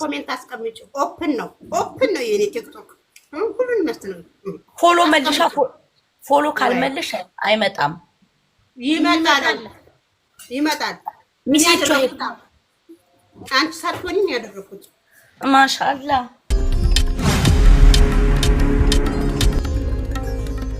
ኮሜንት አስቀምጭ። ኦፕን ነው ኦፕን ነው የኔ ቲክቶክ ሁሉን መስት ነው። ፎሎ መልሻ ፎሎ ካልመልሽ አይመጣም። ይመጣል ይመጣል። ሚሳቸው አንቺ ሳትሆኝ ያደረኩት ማሻአላ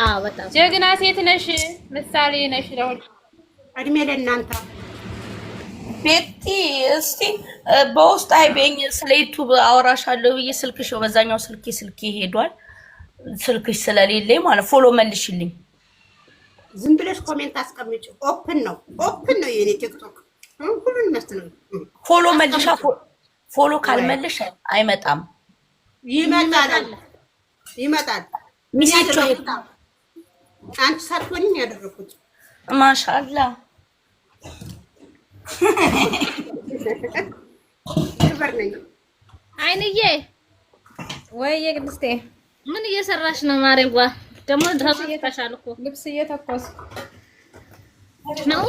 አዎ በጣም ጀግና ሴት ነሽ፣ ምሳሌ ነሽ። ለሁሉ እድሜ ለእናንተ። ቤቲ እስቲ በውስጥ አይበኝ ስለ ዩቱብ አወራሻለሁ ብዬ ስልክሽ በዛኛው ስልኬ ስልኬ ሄዷል። ስልክሽ ስለሌለኝ ማለት ፎሎ መልሽልኝ። ዝም ብለሽ ኮሜንት አስቀምጪ። ኦፕን ነው ኦፕን ነው የኔ ቲክቶክ ሁሉን መስት ነው። ፎሎ መልሻ። ፎሎ ካልመልሽ አይመጣም። ይመጣል ይመጣል ሚስት አንቺ ሳትሆኝ ነው ያደረኩት። ማሻላ ክበር ነኝ። አይንዬ ወይ ቅድስቴ ምን እየሰራሽ ነው? ማሬዋ ደግሞ ድረሱ እየታሻል እኮ ልብስ እየተኮስ ነው።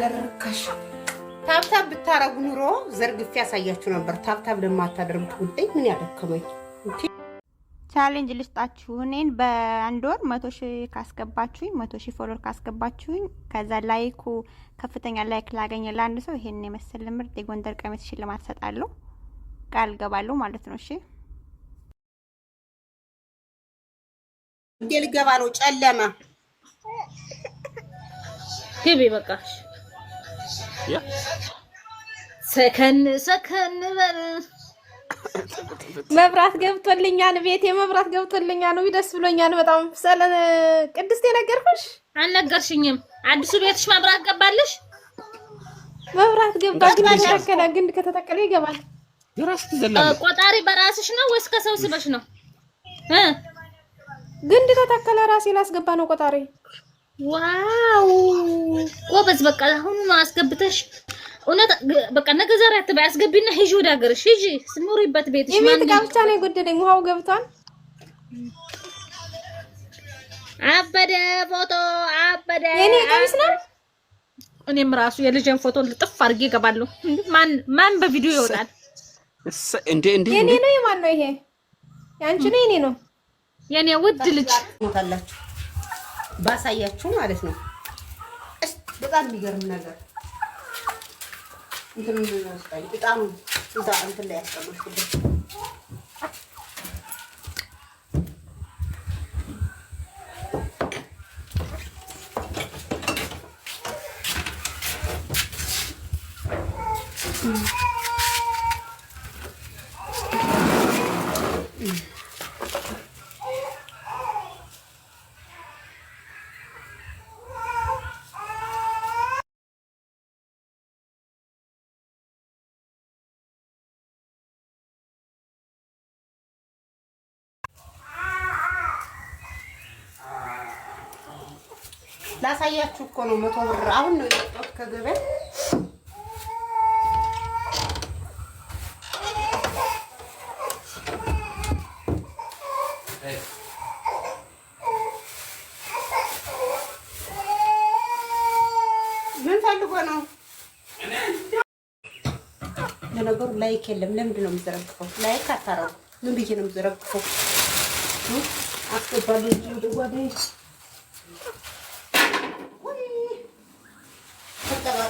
ነገር ርካሽ ታብታብ ብታረጉ ኑሮ ዘርግፍ ያሳያችሁ ነበር። ታብታብ ለማታደርጉት ጉዳይ ምን ያደከመኝ ቻሌንጅ ልስጣችሁ። እኔን በአንድ ወር መቶ ሺ ካስገባችሁኝ መቶ ሺ ፎሎር ካስገባችሁኝ ከዛ ላይኩ ከፍተኛ ላይክ ላገኘ ለአንድ ሰው ይሄን የመሰለ ምርጥ የጎንደር ቀሚስ ሽልማት ሰጣለሁ። ቃል ገባለሁ ማለት ነው። እሺ ልገባ ነው። ጨለማ ግቢ በቃሽ ሰከን ሰከን በል። መብራት ገብቶልኛል፣ ቤቴ መብራት ገብቶልኛል። ውይ ደስ ብሎኛል በጣም ስለ ቅድስት የነገርኩሽ አልነገርሽኝም። አዲሱ ቤትሽ መብራት ገባልሽ? መብራት ገባልሽ። ግንድ ከተተከለ ይገባል። ቆጣሪ በራስሽ ነው ወይስ ከሰው ስበሽ ነው? ግንድ ከተተከለ ራሴ ላስገባ ነው ቆጣሪ ዋው ጎበዝ። በቃ አሁን አስገብተሽ እውነት በቃ ነገ ዛሬ አትበይ፣ አስገቢና ሂጂ ወደ ሀገርሽ ሂጂ፣ ስሙሪበት ቤትሽ። የቤት ዕቃ ብቻ ነው የጎደለኝ። ውሃው ገብቷል። አበደ ፎቶ አበደ። የኔ ቀሚስ ነው። እኔም ራሱ የልጅን ፎቶ ልጥፍ አድርጌ እገባለሁ። ማን ማን በቪዲዮ ይወጣል እንዴ? እንዴ የኔ ነው። የማን ነው ይሄ? ያንቺ ነው። የኔ ነው። የኔ ውድ ልጅ ታላችሁ ባሳያችሁ ማለት ነው። በጣም የሚገርም ነገር እንትን እዛ እንትን ላይ ያስቀመጥኩበት ላሳያችሁ እኮ ነው። መቶ ብር አሁን ነው የወጣሁት ከገበያ ምን ፈልጎ ነው? ለነገሩ ላይክ የለም። ለምንድን ነው የምዘረግፈው? ላይክ አታረጉ። ምን ብዬ ነው የምዘረግፈው? አስገባለሁ ጓደኞች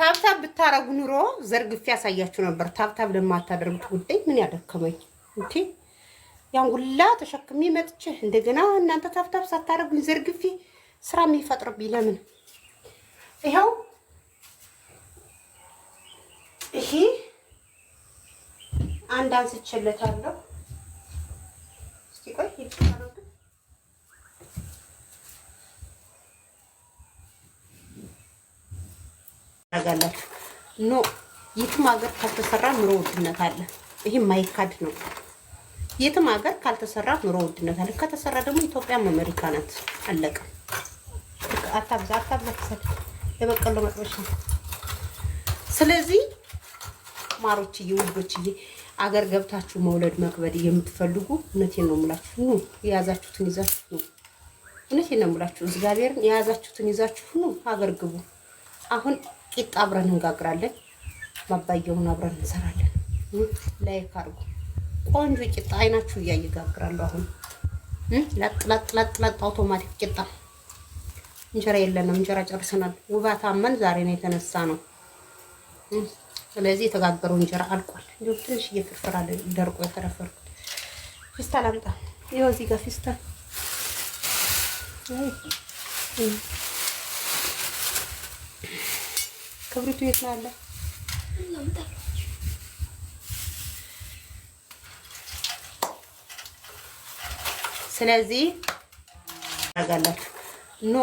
ታብታብ ብታረጉ ኑሮ ዘርግፌ ያሳያችሁ ነበር። ታብታብ ለማታደርጉት ጉዳይ ምን ያደከመኝ እንዴ? ያን ሁላ ተሸክሜ መጥቼ እንደገና እናንተ ታብታብ ሳታረጉኝ ዘርግፌ ስራ የሚፈጥርብኝ ለምን? ይኸው ይሄ አንድ አንስቼለታለሁ። እስቲ ቆይ ይጥፋ ታደርጋላችሁ። ኖ የትም ሀገር ካልተሰራ ኑሮ ውድነት አለ። ይሄ ማይካድ ነው። የትም ሀገር ካልተሰራ ኑሮ ውድነት አለ። ከተሰራ ደግሞ ኢትዮጵያም አሜሪካ ናት። አለቀ። አታብዛ አታብዛ ተሰድ የበቀሎ መጥበሻ ስለዚህ ማሮችዬ ውዶችዬ አገር ገብታችሁ መውለድ መክበድ የምትፈልጉ እውነቴን ነው የምላችሁ፣ ኑ የያዛችሁትን ይዛችሁ ኑ። እውነቴን ነው የምላችሁ፣ እግዚአብሔርን የያዛችሁትን ይዛችሁ ኑ፣ አገር ግቡ አሁን ቂጣ አብረን እንጋግራለን። ማባየውን አብረን እንሰራለን። ላይክ አድርጉ። ቆንጆ ቂጣ አይናችሁ እያየ እጋግራለሁ። አሁን ለጥ ለጥ ለጥ ለጥ አውቶማቲክ ቂጣ። እንጀራ የለንም፣ እንጀራ ጨርሰናል። ውባት አመን ዛሬ ነው የተነሳ ነው። ስለዚህ የተጋገረው እንጀራ አልቋል። እንዲሁም ትንሽ እየፍርፍር ደርቆ የተረፈርኩት። ፊስታ ላምጣ። ይኸው እዚህ ጋር ፊስታ ክብሪቱ የት ነው ያለ? ስለዚህ ያደርጋላችሁ ኖ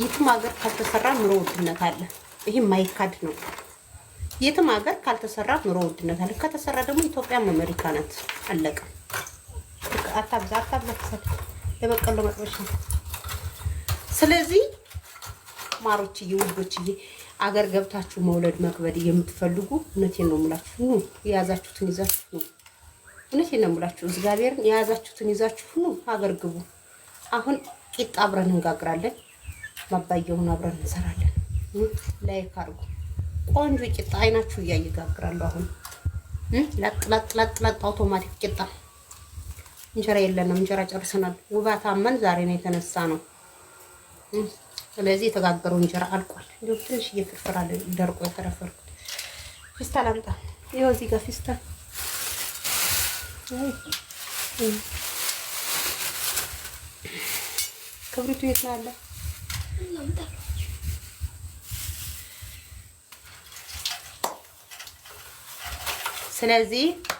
የትም ሀገር ካልተሰራ ኑሮ ውድነት አለ። ይሄ ማይካድ ነው። የትም ሀገር ካልተሰራ ኑሮ ውድነት አለ። ከተሰራ ደግሞ ኢትዮጵያ አሜሪካ ናት። አለቀ። አታብዛ አታብዛ ተሰጥ ለበቀሎ መጥበሻ። ስለዚህ ማሮችዬ፣ ውዶችዬ አገር ገብታችሁ መውለድ መክበድ የምትፈልጉ እውነቴን ነው የምላችሁ፣ ኑ የያዛችሁትን ይዛችሁ ኑ። እውነቴን ነው የምላችሁ፣ እግዚአብሔርን የያዛችሁትን ይዛችሁ ኑ፣ አገር ግቡ። አሁን ቂጣ አብረን እንጋግራለን፣ ማባየውን አብረን እንሰራለን። ላይክ አድርጉ። ቆንጆ ቂጣ አይናችሁ እያየ እጋግራለሁ። አሁን ለጥ ለጥ ለጥ ለጥ አውቶማቲክ ቂጣ። እንጀራ የለንም፣ እንጀራ ጨርሰናል። ውባታመን ዛሬ ነው የተነሳ ነው ስለዚህ የተጋገረው እንጀራ አልቋል። እንዲሁም ትንሽ እየፍርፍር አለ ደርቆ የተረፈርኩት ፊስታል አምጣ። ይኸው እዚህ ጋር ፊስታል ክብሪቱ የት ነው ያለ? ስለዚህ